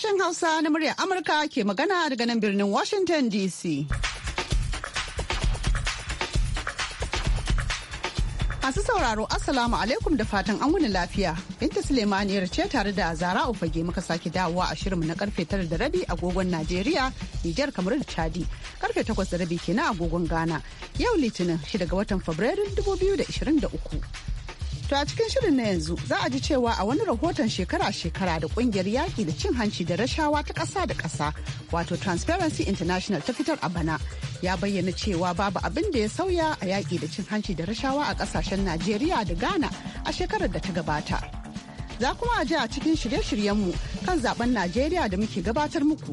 Sashen Hausa na muryar Amurka ke magana daga nan birnin Washington DC. Masu sauraro Assalamu alaikum da fatan an wani lafiya. Binta Sulemaniyar ce tare da Zara Ufage muka sake dawowa a shirinmu na karfe tara da rabi agogon Najeriya, Nijar kamar da Chadi. Karfe takwas da rabi kenan agogon Ghana. Yau Litinin shida ga watan Fabrairun 2023. To a cikin shirin na yanzu za a ji cewa a wani rahoton shekara-shekara da kungiyar yaƙi da cin hanci da rashawa ta ƙasa da ƙasa wato Transparency International ta fitar a bana ya bayyana cewa babu abin da ya sauya a yaƙi da cin hanci da rashawa a ƙasashen Najeriya da Ghana a shekarar da ta gabata. Za kuma a ji a cikin shirye-shiryenmu kan zaben Najeriya da muke gabatar muku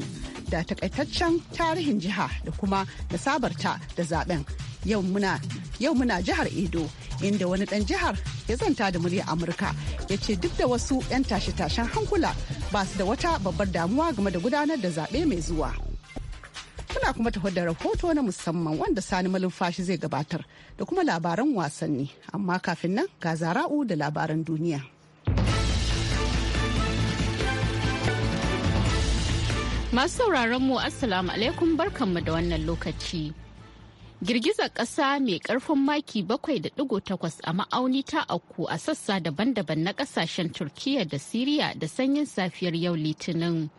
da takaitaccen tarihin jiha da kuma da sabarta da zaben yau muna jihar Edo inda wani ɗan jihar ya zanta da murya Amurka ya ce duk da wasu 'yan tashe-tashen hankula ba su da wata babbar damuwa game da gudanar da zaɓe mai zuwa. kuna kuma tafi da rahoto na musamman wanda Sani Malumfashi zai gabatar da kuma labaran wasanni amma kafin nan ga zara'u da labaran duniya. Masu sauraron mu Assalamu alaikum barkanmu da wannan lokaci. Girgizar ƙasa mai ƙarfin maki 7.8 a ma'auni ta auku a sassa daban-daban na ƙasashen turkiya da Siriya da sanyin safiyar yau Litinin.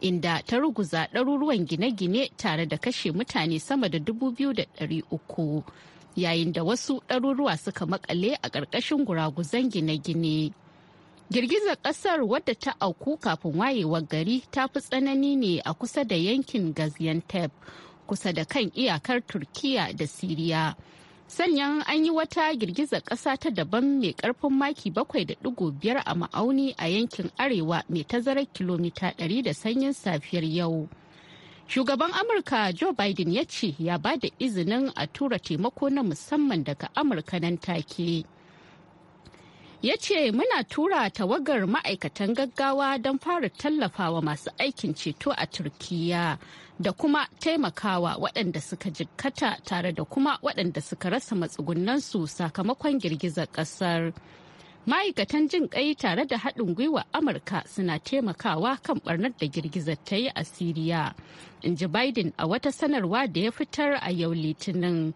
Inda ta ruguza ɗaruruwan gine-gine tare da kashe mutane sama da 2,300 yayin da wasu ɗaruruwa suka makale a ƙarƙashin guraguzan gine-gine. Girgizar ƙasar wadda ta auku kafin wayewar gari ta fi tsanani ne a kusa da yankin Gaziantep. kusa da kan iyakar turkiya da siriya sanyan an yi wata girgizar ƙasa ta daban mai ƙarfin maki 7.5 a ma'auni a yankin arewa mai tazarar kilomita 100 da sanyin safiyar yau shugaban amurka joe biden ya ce ya ba da izinin a tura taimako na musamman daga amurka nan take ya ce muna tura tawagar ma'aikatan gaggawa don fara tallafawa masu aikin ceto a turkiya da kuma taimakawa waɗanda suka jikkata tare da kuma waɗanda suka rasa matsugunansu sakamakon girgizar ƙasar ma'aikatan jin ƙai tare da haɗin gwiwa amurka suna taimakawa kan ɓarnar da girgizar ta yi a siriya in ji biden a wata sanarwa da ya fitar a yau litinin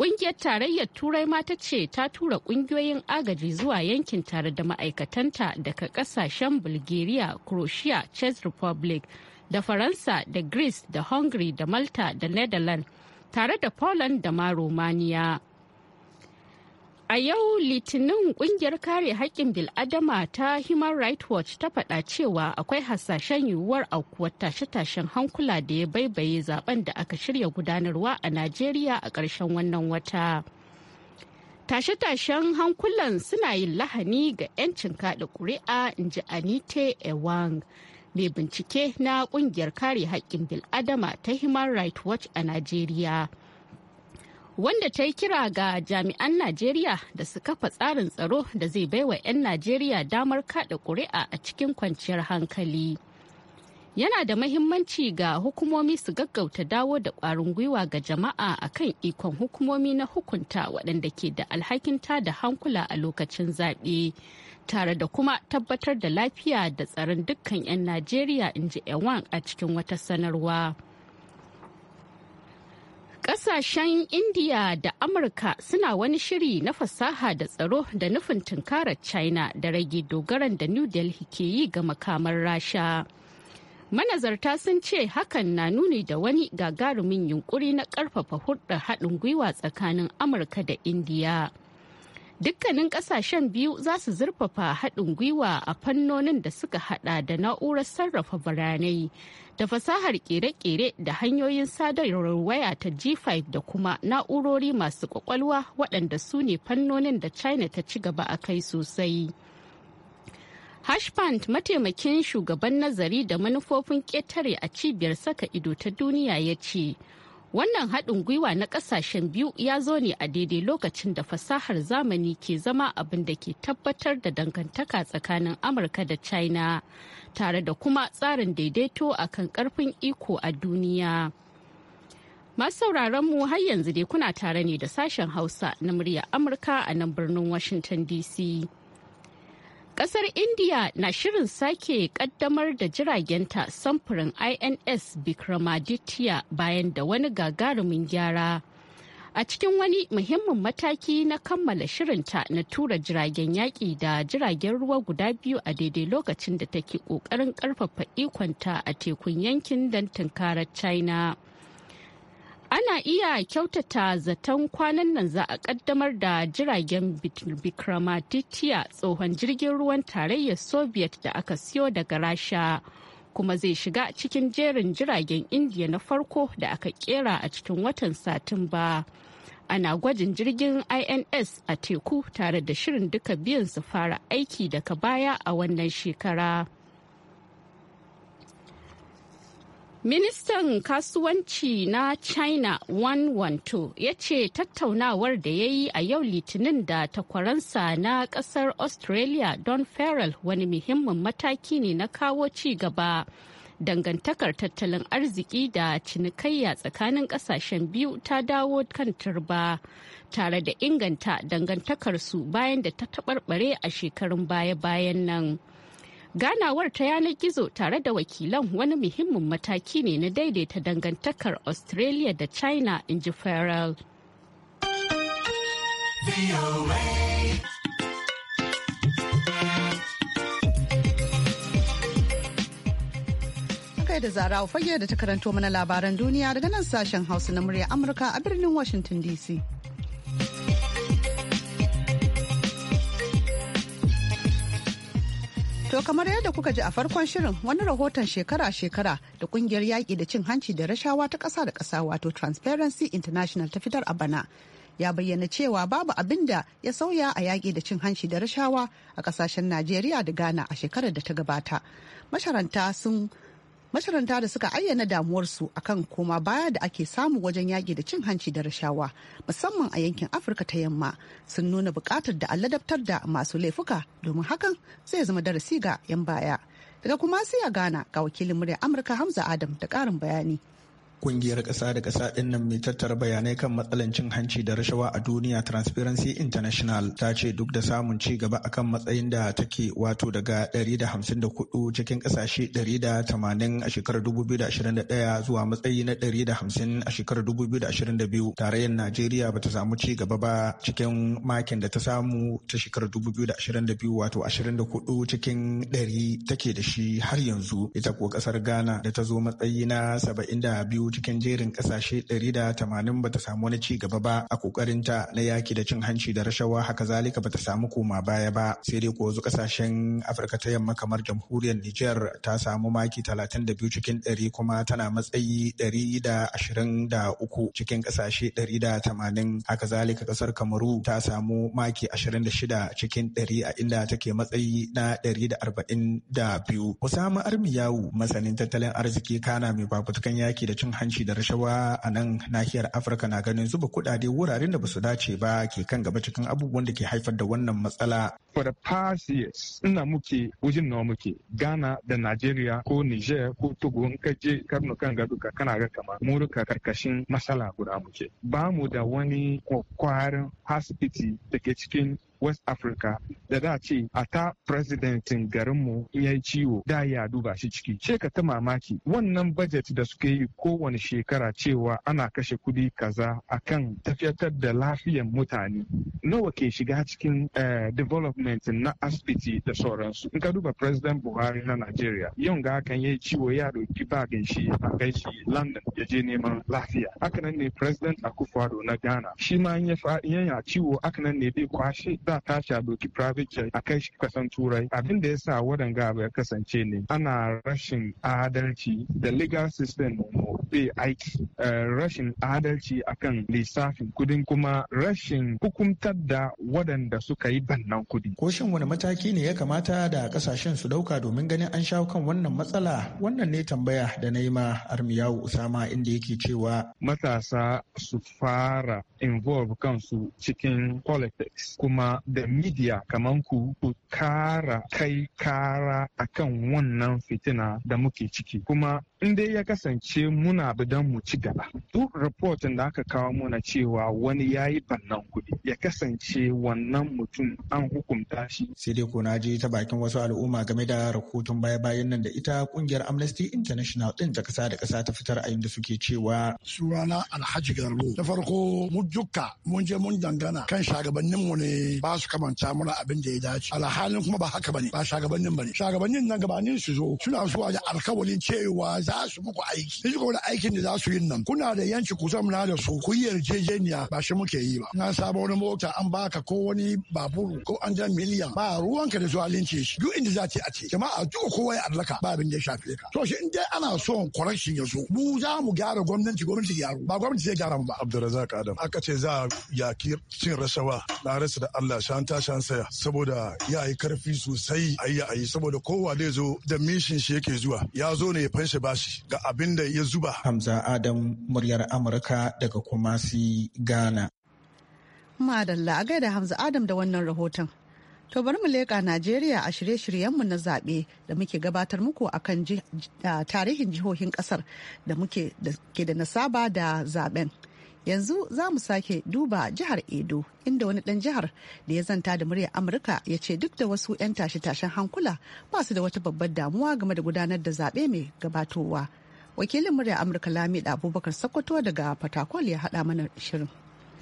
Kungiyar tarayyar Turai Mata ce ta tura kungiyoyin agaji zuwa yankin tare da ma'aikatanta daga kasashen Bulgaria, Croatia, Czech Republic, da Faransa, da Greece, da Hungary, da Malta, da Netherlands, tare da Poland da ma Romania. A yau Litinin kungiyar kare haƙƙin bil'adama ta Human Rights Watch ta faɗa cewa akwai hasashen yiwuwar aukuwar tashe-tashen hankula da ya baibaye zaben da aka shirya gudanarwa a Najeriya a ƙarshen wannan wata. Tashe-tashen hankulan suna yin lahani ga 'yancin kaɗa ƙuri'a in ji Anite Ewang. mai bincike na kungiyar kare haƙƙin bil'adama ta human rights watch a najeriya wanda ta yi kira ga jami'an Najeriya da su kafa tsarin tsaro da zai baiwa 'yan Najeriya damar kada ƙuri'a a cikin kwanciyar hankali. Yana da mahimmanci ga hukumomi su gaggauta dawo da ƙwarin gwiwa ga jama'a a kan ikon hukumomi na hukunta waɗanda ke da alhakinta da hankula a lokacin zaɓe, tare da kuma tabbatar da lafiya da tsaron dukkan 'yan Najeriya in ji Ewan a cikin wata sanarwa. Ƙasashen Indiya da Amurka suna wani shiri na fasaha da tsaro da nufin tunkarar China da rage dogaran da New Delhi ke yi ga makamar Rasha. Manazarta sun ce hakan na nuni da wani gagarumin yunkuri na ƙarfafa hulɗar haɗin gwiwa tsakanin Amurka da Indiya. dukkanin kasashen biyu za su zurfafa haɗin gwiwa a fannonin da suka hada da na'urar sarrafa baranai da fasahar kere-kere da hanyoyin sadarwar waya ta g5 da kuma na'urori masu kwakwalwa waɗanda su ne fannonin da china ta ci gaba a kai sosai hashpant mataimakin shugaban nazari da manufofin ƙetare a cibiyar saka ido ta duniya ya ce Wannan haɗin gwiwa na ƙasashen biyu ya zo ne a daidai lokacin da fasahar zamani ke zama abin da ke tabbatar da dangantaka tsakanin Amurka da China, tare da kuma tsarin daidaito a kan ƙarfin iko a duniya. Masu sauraron mu har yanzu dai kuna tare ne da sashen Hausa na murya Amurka a nan birnin Washington DC. Kasar India na shirin sake kaddamar da jiragenta samfurin INS Bikramaditya bayan da wani gagarumin gyara. A cikin wani muhimmin mataki na kammala shirinta na tura jiragen yaƙi da jiragen ruwa guda biyu a daidai lokacin da take ƙoƙarin ƙarfafa ikonta a tekun yankin don tunkarar China. ana iya kyautata zaton kwanan nan za a kaddamar da jiragen bikramatitya tsohon jirgin ruwan tarayyar soviet da aka siyo daga rasha kuma zai shiga cikin jerin jiragen indiya na farko da aka kera a cikin watan satumba ana gwajin jirgin ins a teku tare da shirin duka biyan su fara aiki daga baya a wannan shekara. Ministan kasuwanci na China Wang Wanto ya ce tattaunawar da ya yi a yau litinin da takwaransa na kasar Australia Don Farrell wani muhimmin mataki ne na kawo ci gaba dangantakar tattalin arziki da cinikayya tsakanin kasashen biyu ta dawo kan turba tare da inganta dangantakarsu bayan da ta taɓarɓare a shekarun baya-bayan nan. ganawar ta yanar gizo tare da wakilan wani muhimmin mataki ne na daidaita dangantakar australia da china in ji farrell da zara fage da ta karanto mana labaran duniya daga nan sashen hausa na murya amurka a birnin washington dc To kamar yadda kuka ji a farkon shirin wani rahoton shekara-shekara da kungiyar yaƙi da cin hanci da rashawa ta ƙasa da ƙasa wato Transparency International ta fitar a bana. Ya bayyana cewa babu abin da ya sauya a yaƙi da cin hanci da rashawa a ƙasashen Najeriya da Ghana a shekarar da ta gabata. Masharanta sun masharanta da suka ayyana damuwarsu akan koma baya da ake samu wajen yaƙi da cin hanci da rashawa musamman a yankin afirka ta yamma sun nuna buƙatar da alladabtar da masu laifuka domin hakan zai zama darasi ga 'yan baya daga kuma sai a ghana ga wakilin murya amurka hamza adam da ƙarin bayani Kungiyar ƙasa da ƙasa ɗin nan mai tattara bayanai kan matsalan cin hanci da rashawa a duniya Transparency International ta ce duk da samun ci gaba akan matsayin da take wato daga 154 cikin ƙasashe 180 a shekarar 2021 zuwa matsayi na 150 a shekarar 2022 tarayyar Najeriya ba ta samu ci gaba ba cikin makin da ta samu ta shekarar 2022 wato 24 cikin 100 take da shi har yanzu ita ko ƙasar Ghana da ta zo matsayi na 72 cikin jerin kasashe 180 bata samu wani ci gaba ba a kokarinta na yaki da cin hanci da rashawa haka zalika bata samu koma baya ba sai dai ko wasu kasashen afirka ta yamma kamar jamhuriyar niger ta samu maki 32 cikin 100 kuma tana matsayi 123 cikin kasashe 180 haka zalika kasar kamaru ta samu maki 26 cikin 100 a inda take matsayi na 142 usama armiyawu masanin tattalin arziki kana mai fafutukan yaki da cin hanci da rashawa a nan nahiyar Afirka na ganin zuba kuɗaɗe wuraren da ba su dace ba ke kan gaba cikin abubuwan da ke haifar da wannan matsala. For the past years, ina muke wajen nawa muke Ghana da Nigeria ko Niger ko Togo in ka je karnu kan ga duka kana ga kamar mu karkashin matsala guda muke. Ba mu da wani kwakwarin asibiti da ke cikin west africa da da ce a ta presidentin garinmu ya yi ciwo da ya duba shi ciki ce ta mamaki wannan budget da suka yi kowane shekara cewa ana kashe kudi kaza akan tafiyatar da lafiyan mutane nawa ke shiga cikin eh, development na asibiti da sauransu in ka duba president buhari na nigeria yau ga hakan ya yi ciwo ya ɗauki bagin shi a kai shi london ya je neman lafiya hakanan ne president Addo na ghana shi ma ya ciwo hakanan ne bai kwashe a tashi a doki private church a kai shi kasan turai abin da ya sa waɗanga abu ya kasance ne ana rashin adalci da legal system bai aiki eh, rashin adalci akan lissafin kudin kuma rashin hukumtar da waɗanda suka yi bannan kudi. Ko shin wani mataki ne ya kamata da kasashen su dauka domin ganin an shawo kan wannan matsala wannan ne tambaya da na yi ma armiyawu usama inda yake cewa matasa su fara involve kansu cikin politics kuma da midiya kamar ku ku kara kai kara akan wannan fitina da muke ciki kuma in dai ya kasance muna bidan mu ci gaba duk reportin da aka kawo muna cewa wani ya yi bannan kuɗi ya kasance wannan mutum an hukunta shi sai dai ko na je ta bakin wasu al'umma game da rahoton baya-bayan nan da ita kungiyar amnesty international din ta kasa da kasa ta fitar a inda suke cewa sunana alhaji garbo da farko mu dukka mun je mun dangana kan shagabannin mu ne ba su kamanta muna abin da ya dace alhalin kuma ba haka bane ba shagabannin bane shagabannin nan gabanin su zo suna zuwa da alkawalin cewa za su muku aiki Ni ko da aikin da za su yin nan kuna da yanci ku na da su ku yarjejeniya ba shi muke yi ba na sabo wani mota an baka ko wani baburu ko an jan miliyan ba ruwanka da linci shi duk inda za ta a ce jama'a duk kowa ya allaka ba abin da ya shafe ka to shi in dai ana son correction ya zo mu za mu gyara gwamnati gwamnati gyaru. ba gwamnati zai gyara mu ba Abdulrazak Adam aka ce za a yaki cin rashawa na rasa da Allah ta shan saya saboda ya yi karfi sosai ayi ayi saboda kowa zai zo da mishin shi yake zuwa ya zo ne ya fanshi ba shi ga abin da ya zuba. Hamza Adam muryar Amurka daga Kumasi, Ghana. Madalla a gaida Hamza Adam da wannan rahoton. To bari mu leƙa Najeriya a shirye-shiryenmu na zaɓe da muke gabatar muku a kan tarihin jihohin ƙasar da muke da nasaba da zaɓen. yanzu za mu sake duba jihar edo inda wani dan jihar da ya zanta da muryar amurka ya ce duk da wasu 'yan tashe-tashen hankula ba su da wata babbar damuwa game da gudanar da zaɓe mai gabatowa wakilin muryar amurka lamida abubakar sokoto daga fatakwal ya haɗa mana shirin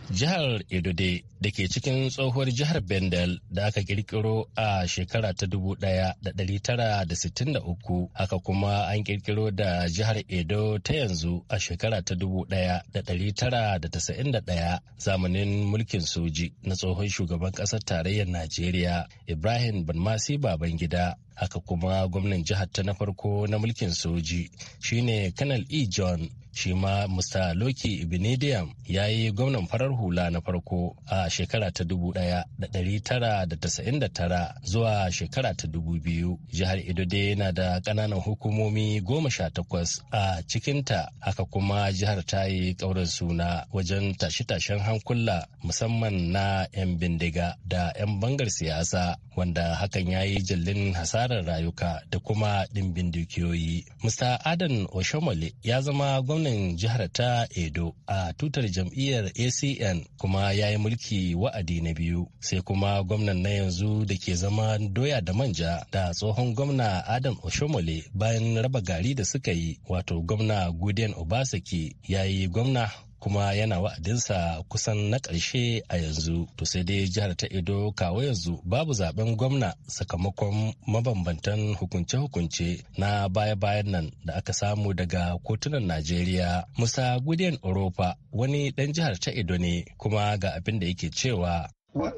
Jihar Edode da ke cikin tsohuwar jihar Bendel da aka kirkiro a shekara ta 1963 haka kuma an kirkiro da jihar Edo ta yanzu a shekara ta 1991 zamanin mulkin soji na tsohon shugaban ƙasar tarayyar Najeriya Ibrahim Banmasi Babangida. Haka kuma gwamnan jihar ta na farko na mulkin soji shine Kanal E. John shi ma mr loki ibinediam ya yi gwamnan farar hula na farko a shekara ta 1999 zuwa shekara ta 2000 jihar edo dai yana da ƙananan hukumomi goma sha takwas a cikinta haka kuma jihar ta yi ƙaurin suna wajen tashe-tashen hankula musamman na 'yan bindiga da 'yan bangar siyasa wanda hakan ya yi jallin hasarar rayuka da kuma ɗimbin dukiyoyi. Mr. Adan Oshomole ya zama gwamnan gwamnan jihar ta Edo a tutar jam'iyyar ACN kuma ya yi mulki wa'adi na biyu. Sai kuma gwamnan na yanzu da ke zama doya da manja da tsohon gwamna Adam Oshomole bayan raba gari da suka yi wato gwamna Guden obasaki ya yi gwamna kuma yana wa'adinsa kusan na ƙarshe a yanzu to sai dai jihar ta edo kawo yanzu babu zaben gwamna sakamakon mabambantan hukunce-hukunce na baya-bayan nan da aka samu daga kotunan najeriya musa gudiyan Europa. wani ɗan jihar ta edo ne kuma ga abin da yake cewa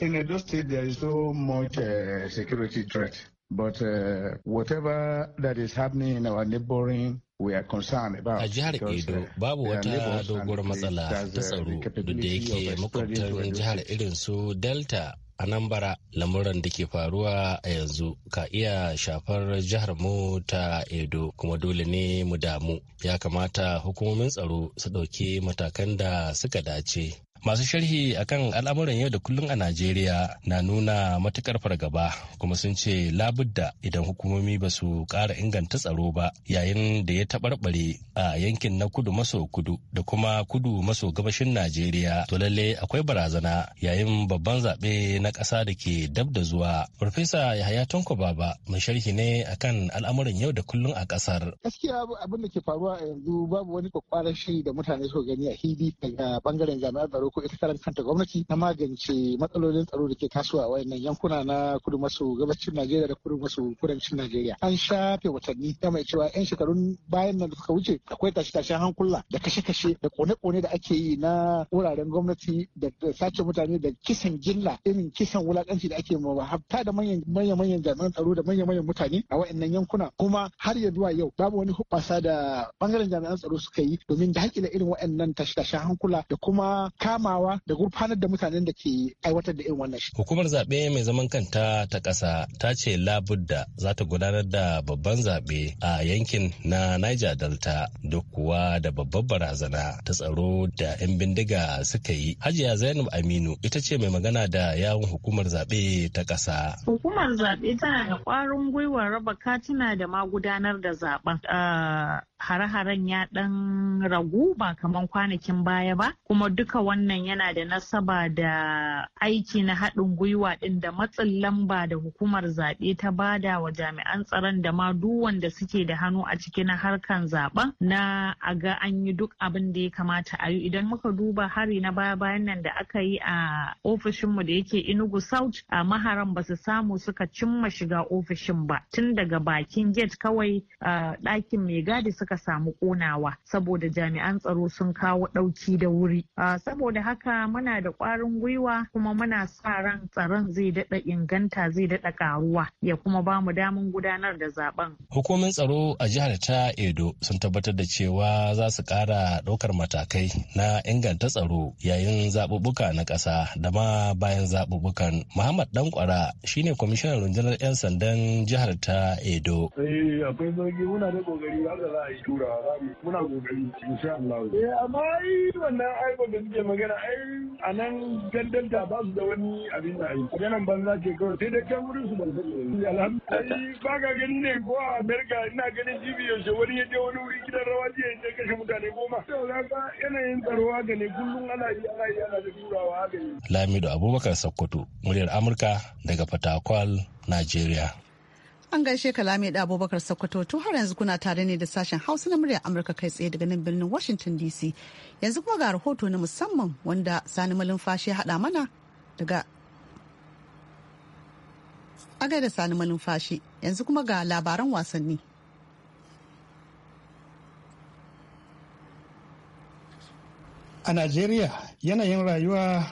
in edo state there is so much uh, security threat but uh, whatever that is happening in our neighboring A jihar Edo uh, babu wata doguwar matsala ta uh, tsaro duk da yake makwabtan jihar irin su Delta a nan bara lamuran da ke faruwa a yanzu ka iya shafar jihar mu ta edo kuma dole ne mu damu ya kamata hukumomin tsaro su ɗauki matakan da suka dace masu sharhi akan al'amuran yau da kullum a najeriya na nuna matukar fargaba kuma sun ce labudda idan hukumomi ba su ƙara inganta tsaro ba yayin da ya taɓarɓare a yankin na kudu maso kudu da kuma kudu maso gabashin najeriya to lalle akwai barazana yayin babban zaɓe na ƙasa da ke dab da zuwa farfesa yahaya tonko ba mai sharhi ne akan al'amuran yau da kullum a ƙasar gaskiya abin da ke faruwa a yanzu babu wani kwakwaran shiri da mutane suka gani a hili daga bangaren jami'ar tsaro ko ita karan kanta gwamnati na magance matsalolin tsaro da ke kasuwa a wayannan yankuna na kudu maso gabacin Najeriya da kudu maso kudancin Najeriya. An shafe watanni ta mai cewa 'yan shekarun bayan nan da suka wuce akwai tashe-tashen hankula da kashe-kashe da kone-kone da ake yi na wuraren gwamnati da sace mutane da kisan jilla irin kisan wulakanci da ake ma hafta da manyan jami'an tsaro da manya-manyan mutane a wayannan yankuna kuma har ya zuwa yau babu wani hubbasa da bangaren jami'an tsaro suka yi domin da hakila irin wayannan tashe-tashen hankula da kuma kama kamawa da gurfanar da mutanen da ke aiwatar da irin wannan shi. Hukumar zaɓe mai zaman kanta ta ƙasa ta ce labudda za ta gudanar da babban zaɓe a yankin na Niger Delta duk kuwa da babbar barazana ta tsaro da 'yan bindiga suka yi. Hajiya Zainab Aminu ita ce mai magana da yawun hukumar zaɓe ta ƙasa. Hukumar zaɓe tana da ƙwarin gwiwar raba katina da ma gudanar da zaɓen. Hare-haren ya ɗan ragu ba kaman kwanakin baya ba kuma duka wannan nan yana da nasaba da aiki na haɗin gwiwa ɗin da matsin lamba da hukumar zaɓe ta bada wa jami'an tsaron da ma duk wanda suke da hannu a ciki na harkan zaɓen na a ga an yi duk abin da ya kamata a yi idan muka duba hari na baya bayan nan da aka yi a ofishinmu da yake inugu South a maharan ba su samu suka cimma shiga ofishin ba tun daga bakin gate kawai ɗakin mai gadi suka samu ƙonawa saboda jami'an tsaro sun kawo ɗauki da wuri saboda saboda haka muna da ƙwarin gwiwa kuma muna sa ran tsaron zai daɗa inganta zai daɗa ƙaruwa ya kuma ba mu damun gudanar da zaben. Hukumin tsaro a jihar ta Edo sun tabbatar da cewa za su ƙara ɗaukar matakai na inganta tsaro yayin zaɓuɓɓuka na ƙasa da ma bayan zaɓuɓɓukan. Muhammad Dankwara shine kwamishinan rundunar 'yan sandan jihar ta Edo. magana ai a nan gandar da ba su da wani abin da yi maganan banza ke kawai sai dai can wurin su ba su ba ka gani ne ko a america ina ganin jibi yaushe wani ya je wani wuri gidan rawa jiya ya kashe mutane goma to ga yanayin tsaro haka ne kullum ana yi ana yi ana da turawa haka ne lamido abubakar sakkwato muryar amurka daga fatakwal nigeria An gaishe kalami da Abubakar Sokoto tun har yanzu kuna tare ne da sashen Hausa na muryar Amurka kai tsaye daga nan birnin Washington DC. Yanzu kuma ga rahoto na musamman wanda Sani Malumfashi ya haɗa mana daga da Sani Malumfashi yanzu kuma ga labaran wasanni. A Najeriya yanayin rayuwa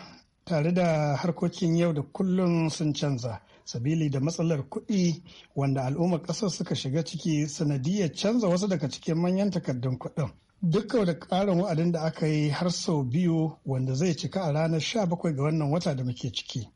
tare da harkokin yau da kullum sun canza sabili da matsalar kuɗi wanda al'ummar ƙasar suka shiga ciki sanadiyar canza wasu daga cikin manyan takardun kuɗin dukka da ƙarin wa'adin da aka yi har sau biyu wanda zai cika a ranar 17 ga wannan wata da muke ciki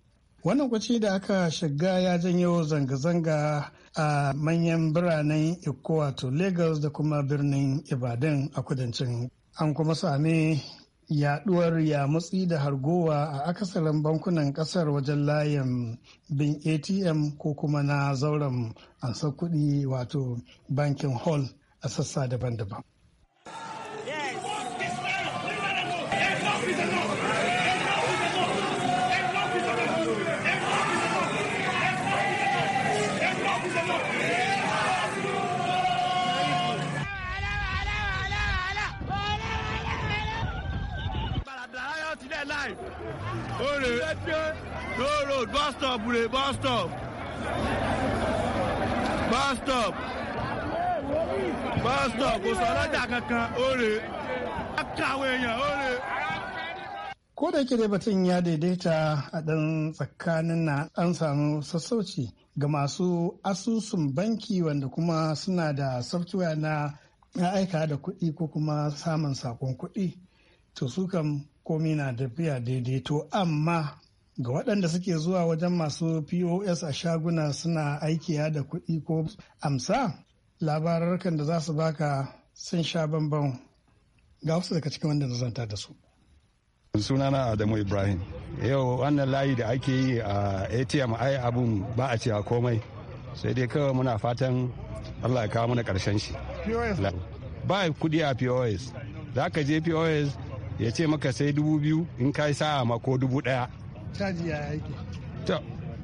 wannan kwaci da aka shiga ya janyo zanga-zanga a manyan biranen iko wato lagos da kuma birnin ibadan a kudancin an kuma sami yaduwar yamutsi da hargowa a akasarin bankunan kasar wajen layin bin atm ko kuma na zauren ansa kuɗi wato bankin hall a sassa daban-daban. life. Ko da yake dai batun ya daidaita a ɗan tsakanin na an samu sassauci ga masu asusun banki wanda kuma suna da software na aika da kuɗi ko kuma samun sakon kuɗi. To su kam komi na tafiya to amma ga waɗanda suke zuwa wajen masu pos a shaguna suna aiki aikiya da kuɗi ko amsa labararkan da za su baka sun sha bambam ga wasu daga cikin wanda zanta da su sunana adamu ibrahim yau wannan layi da ake yi a atm ai abun ba a cewa komai sai dai kawai muna fatan allah ya kawo mana karshen shi ba kudi a pos za ka je pos ya ce maka sai dubu biyu in ka yi sa'a ma ko dubu ɗaya. Caji ya aiki.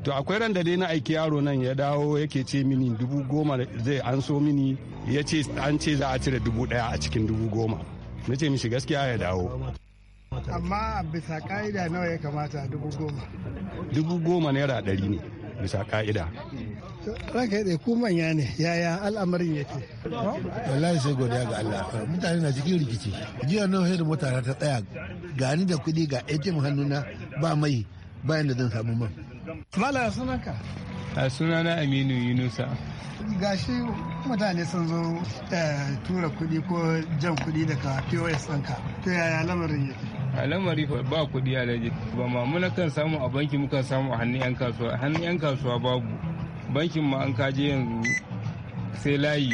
To akwai ran da dai na aiki yaro nan ya dawo yake ce mini dubu goma zai an so mini ya ce an ce za a cire dubu ɗaya a cikin dubu goma. Na ce mishi gaskiya ya dawo. Amma bisa ka'ida nawa ya kamata dubu goma? Dubu goma naira ɗari ne bisa ka'ida. ranka ya ku manya ne yaya al'amarin yake wallahi sai godiya ga Allah mutane na cikin rikici jiya nan sai da mota ta tsaya gani da kuɗi ga ATM hannuna ba mai bayan da zan samu man mala sunanka a sunana Aminu Yunusa gashi mutane sun zo eh, tura kuɗi ko jan kuɗi daga POS ɗinka to yaya lamarin yake a lamari ba kuɗi a laje ba ma muna kan samu a banki muka samu a hannun 'yan kasuwa a hannun 'yan kasuwa babu bankin ma an kaje yanzu sai layi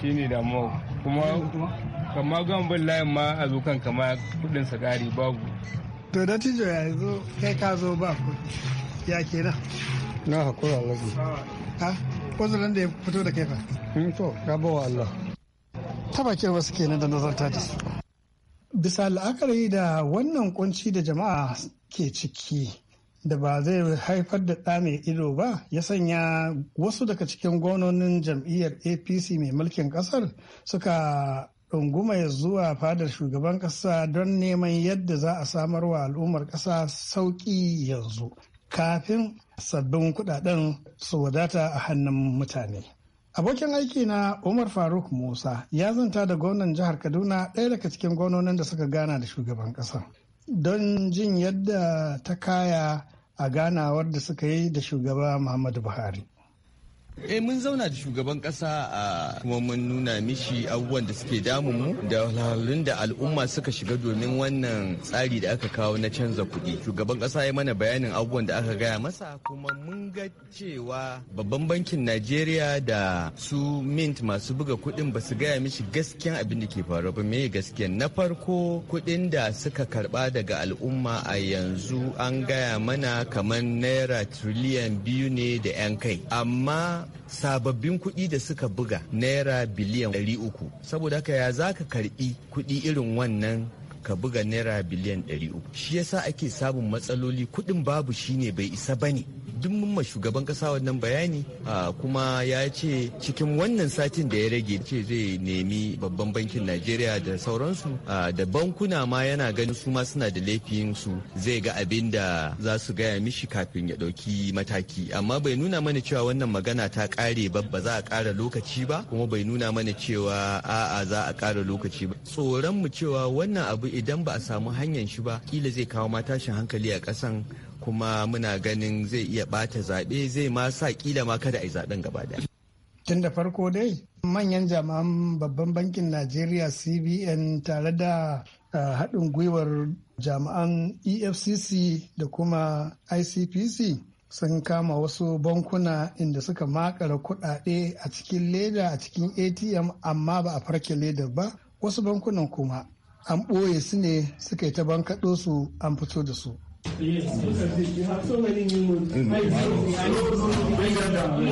shine damuwa kuma kama gan bin layin ma a zo kan kama kudin sa babu to da tijo ya zo kai ka zo ba ya ke na hakura lagu ha kwazulan da ya fito da kai fa hmm, to ya bawa Allah ta bakin wasu kenan da nazarta da su bisa la'akari da wannan kunci da jama'a ke ciki da ba zai haifar da ɗa mai ido ba ya sanya wasu daga cikin gononin jam'iyyar apc mai mulkin ƙasar suka ɗunguma ya zuwa fadar shugaban ƙasa don neman yadda za a samar wa al'ummar ƙasa sauƙi yanzu kafin sabbin kuɗaɗen su wadata a hannun mutane. Abokin aiki na Umar Faruk Musa ya zanta da gwamnan jihar Kaduna ɗaya daga cikin gwamnonin da suka gana da shugaban ƙasa. don jin yadda ta kaya a ganawar da suka yi da shugaba Muhammadu Buhari. eh mun zauna da shugaban kasa a kuma mun nuna mishi abubuwan da suke damu mu da halin da al'umma suka shiga domin wannan tsari da aka kawo na canza kuɗi shugaban kasa ya mana bayanin abubuwan da aka gaya masa kuma mun ga cewa babban bankin najeriya da su mint masu buga kuɗin ba su gaya mishi gaskiyan abin da ke faru ba me gaskiya na farko kuɗin da suka karba daga al'umma a yanzu an gaya mana kamar naira triliyan biyu ne da 'yan kai amma sababbin kuɗi da suka buga naira biliyan 300 saboda haka ya za ka karɓi kuɗi irin wannan ka buga naira biliyan 300 shi yasa ake samun matsaloli kuɗin babu shine bai isa bane duk mun shugaban kasa wannan bayani kuma ya ce cikin wannan satin da ya rage ce zai nemi babban bankin najeriya da sauransu da bankuna ma yana ganin su ma suna da laifin su zai ga abin da za su gaya mishi kafin ya ɗauki mataki amma bai nuna mana cewa wannan magana ta ƙare ba ba za a ƙara lokaci ba kuma bai nuna mana cewa a'a za a ƙara lokaci ba tsoron mu cewa wannan abu idan ba a samu hanyar shi ba kila zai kawo ma tashin hankali a ƙasan kuma muna ganin zai iya bata zaɓe zai ma sa kila ma kada a yi zaɓen gaba daya. Tun da farko dai manyan jami'an babban bankin Najeriya CBN tare da eh, haɗin gwiwar jami'an EFCC da kuma ICPC sun kama wasu bankuna inda suka makara kuɗaɗe a cikin leda a cikin ATM amma ba a farke leda ba wasu bankunan kuma an ɓoye su ne suka yi ta bankaɗo su an fito da su. Yes, You have so many new ones. Bring them down.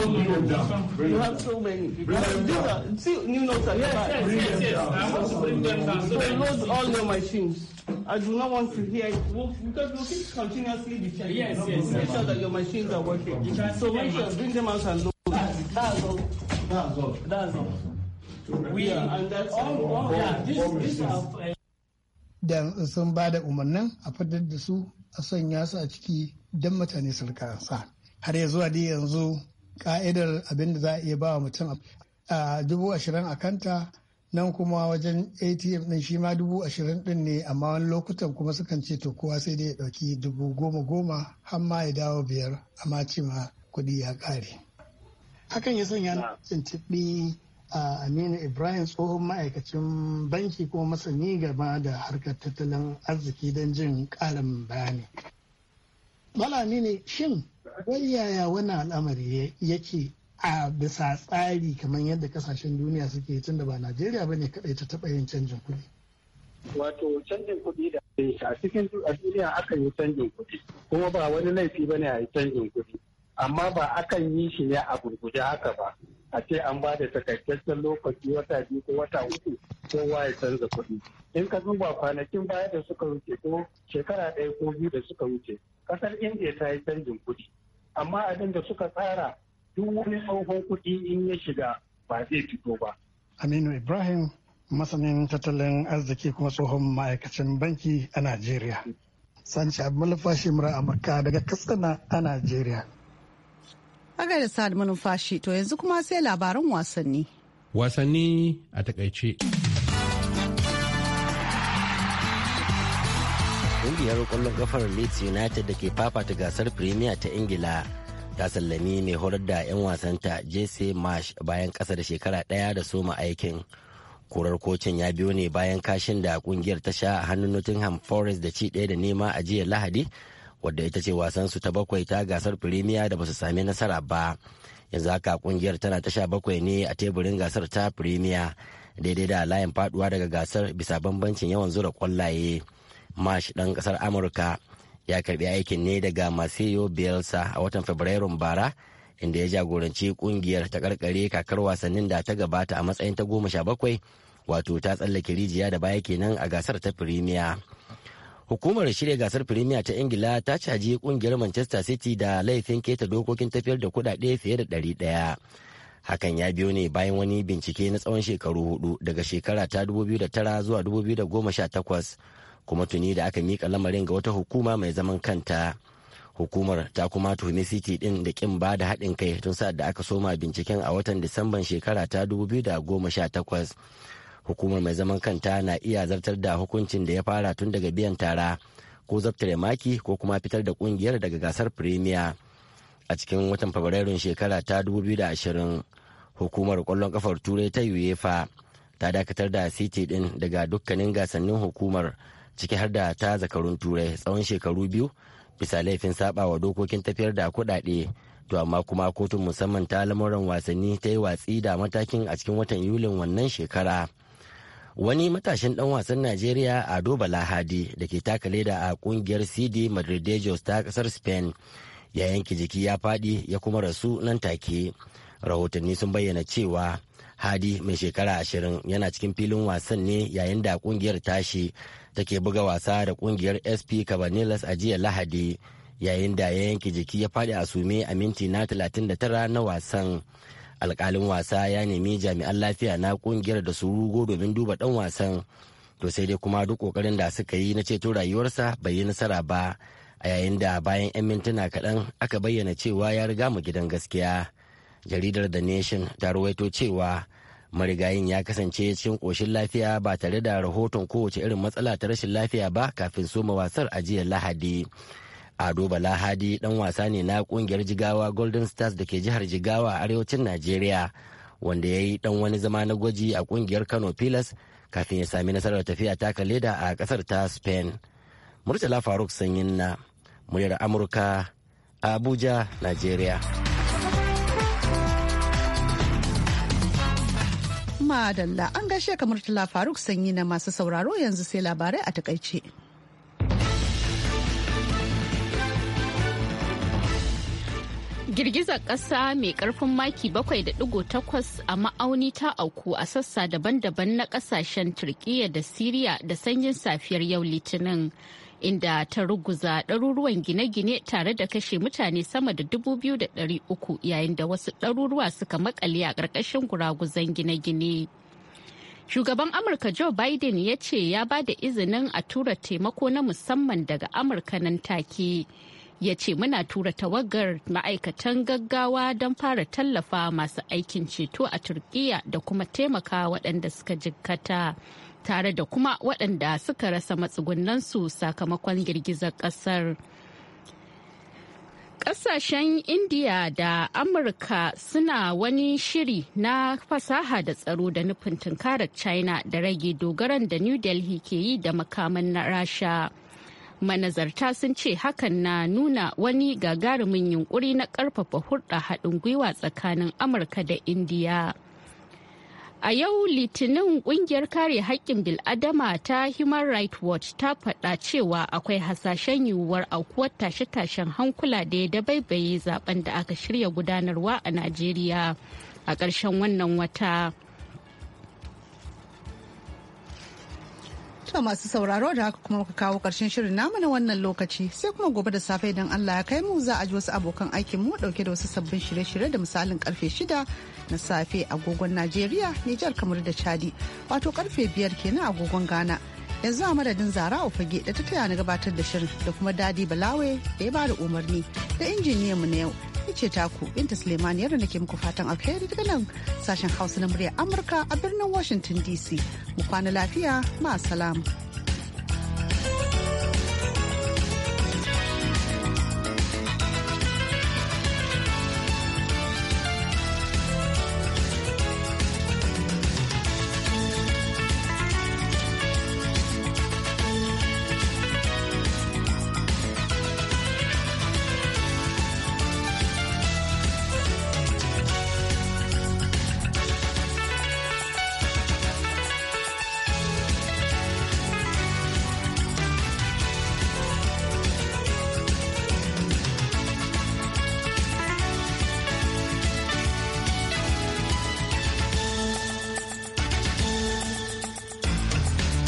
you have so many. Bring them down. See, new notes yes, yes, yes. I want to bring them down. So all machines. I do not want to hear it. because we'll keep continuously be checking. Yes, yes. Make sure that your machines are working. So make sure bring them out and load. That's, that's all. That's all. That's all. We yeah, and that's all. all yeah, this, this are, uh, da sun ba da umarnin a sanya su a ciki don mutane su rika sa har ya zuwa dai yanzu ka'idar abin da za a iya ba wa mutum a dubu ashirin a kanta nan kuma wajen atm din shi ma dubu ashirin din ne amma wani lokutan kuma sukan ce to kowa sai dai ya ɗauki dubu goma goma har ma ya dawo biyar amma ce ma kuɗi ya ƙare hakan ya sanya tuntuɓi aminu ibrahim tsohon ma'aikacin banki kuma masani gaba da harkar tattalin arziki don jin karin bayani Mala ne shin yaya wani al'amari yake a bisa tsari kamar yadda kasashen duniya suke tun da ba najeriya ba ne kadai ta taɓa yin canjin kuɗi wato canjin kuɗi da a cikin duniya aka yi canjin kuɗi kuma ba wani laifi ba ne a yi canjin kuɗi amma ba akan yi shi ne a gurguje haka ba a ce an ba da takaitaccen lokaci wata biyu ko wata uku kowa ya canza kuɗi in ka duba kwanakin baya da suka wuce ko shekara ɗaya ko biyu da suka wuce ƙasar indiya ta yi canjin kuɗi amma abin da suka tsara duk wani tsohon kuɗi in ya shiga ba zai fito ba aminu ibrahim masanin tattalin arziki kuma tsohon ma'aikacin banki a najeriya sanci abin malfashi mura amurka daga katsina a najeriya A da sa'ad manumfashi to yanzu kuma sai labaran wasanni. Wasanni a takaice. Ƙungiyar ƙwallon ƙafar Leeds United da ke fafata gasar Premier ta Ingila ta sallami mai horar da 'yan wasanta jesse marsh bayan ƙasa da shekara ɗaya da soma aikin korar kocin ya biyo ne bayan kashin da kungiyar ta sha a hannun nottingham forest da ci ɗaya da nema a jiya lahadi wadda ita ce wasan su ta bakwai ta gasar firimiya da basu sami nasara ba yanzu haka kungiyar tana ta sha bakwai ne a teburin gasar ta firimiya daidai da layin faduwa daga gasar bisa bambancin yawan zura kwallaye mash dan kasar amurka ya karbi aikin ne daga masiyo bielsa a watan fabrairun bara inda ya jagoranci kungiyar ta karkare kakar wasannin da ta gabata a matsayin ta goma sha bakwai wato ta tsallake rijiya da baya kenan a gasar ta firimiya Hukumar shirya gasar Firimiya ta Ingila ta caji kungiyar Manchester City da laifin keta dokokin tafiyar da kudade fiye da ɗari ɗaya. Hakan ya biyo ne bayan wani bincike na tsawon shekaru hudu daga shekara ta 2009 zuwa 2018 kuma tuni da aka mika lamarin ga wata hukuma mai zaman kanta. Hukumar ta kuma tuhumi City din da kin ba da haɗin kai tun sa'ad da aka soma binciken a watan Disamban shekara ta 2018. hukumar mai zaman kanta na iya zartar da hukuncin da ya fara tun daga biyan tara ko zabtare maki ko kuma fitar da kungiyar daga gasar premier a cikin watan fabrairun shekara ta 2020 hukumar kwallon kafar turai ta uefa ta dakatar da city din daga dukkanin gasannin hukumar ciki har da ta zakarun turai tsawon shekaru biyu bisa laifin sabawa dokokin tafiyar da kuɗaɗe to amma kuma kotun musamman ta lamuran wasanni ta yi watsi da matakin a cikin watan yulin wannan shekara. wani matashin dan wasan najeriya ado balahadi da ke taka leda a kungiyar cd madridejos ta kasar spain ya yanke jiki ya fadi ya kuma rasu nan take rahotanni sun bayyana cewa hadi mai shekara ashirin yana cikin filin wasan ne yayin da kungiyar tashi take buga wasa da kungiyar sp cabanillas a jiya lahadi yayin da ya yanke jiki ya fadi a sume a minti na 39 na wasan alkalin wasa ya nemi jami'an lafiya na kungiyar da su rugo domin duba dan wasan to sai dai kuma duk kokarin da suka yi na ceto rayuwarsa bai yi nasara ba a yayin da bayan 'yan mintuna kaɗan aka bayyana cewa ya riga mu gidan gaskiya jaridar the nation ta ruwaito cewa marigayin ya kasance cikin ƙoshin lafiya ba tare da rahoton kowace irin matsala ta rashin lafiya ba kafin soma wasar a jiya lahadi Ado Bala Hadi dan wasa ne na kungiyar Jigawa Golden Stars da ke jihar Jigawa a arewacin Najeriya wanda ya yi dan wani zama na gwaji a kungiyar Kano Pilas kafin ya sami nasarar tafiya ta taka leda a kasar ta Spain. Murtala Faruk Sanyin na muryar Amurka Abuja, Najeriya. Madalla an gaishe ka Murtala Faruk Sanyi na masu sauraro yanzu sai labarai a takaice. Girgizar ƙasa mai ƙarfin maki 7.8 a ma'auni ta auku a sassa daban-daban na ƙasashen Turkiyya da Siriya da sanyin safiyar yau Litinin, inda ta ruguza ɗaruruwan gine-gine tare da kashe mutane sama da 2,300 yayin da wasu ɗaruruwa suka makale a ƙarƙashin guraguzan gine-gine. Shugaban Amurka Joe Biden ya ce ya ba da izinin a tura taimako na musamman daga Amurka nan take. ya ce muna tura tawagar ma'aikatan gaggawa don fara tallafa masu aikin ceto a turkiya da kuma taimaka waɗanda suka jikkata tare da kuma waɗanda suka rasa matsugunansu sakamakon girgizar ƙasar. Ƙasashen Indiya da Amurka suna wani shiri na fasaha da tsaro da nufin tunkarar China da rage dogaran da New Delhi ke yi da makaman na Rasha. manazarta sun ce hakan na nuna wani gagarumin yunkuri na karfafa hulɗa haɗin gwiwa tsakanin amurka da indiya a yau litinin kungiyar kare haƙƙin bil'adama ta human rights watch ta faɗa cewa akwai hasashen yiwuwar aukuwar tashe-tashen hankula da ya dabaibaye zaben da aka shirya gudanarwa a najeriya a ƙarshen wannan wata. To masu sauraro da haka kuma muka kawo karshen shirin namu na wannan lokaci sai kuma gobe da safe idan Allah ya kai mu za a ji wasu abokan aikin mu dauke da wasu sabbin shirye-shirye da misalin karfe shida na safe agogon Najeriya, Nijar kamar da Chadi wato karfe biyar kenan agogon Ghana. yanzu a madadin zara ofage da ta taya na gabatar da shirin da kuma dadi balawe da ya bada umarni da injiniyanmu na yau ce taku Binta Suleiman yadda nake muku fatan alheri daga nan sashen Hausa na muryar Amurka a birnin Washington DC. Mu kwana lafiya ma salam.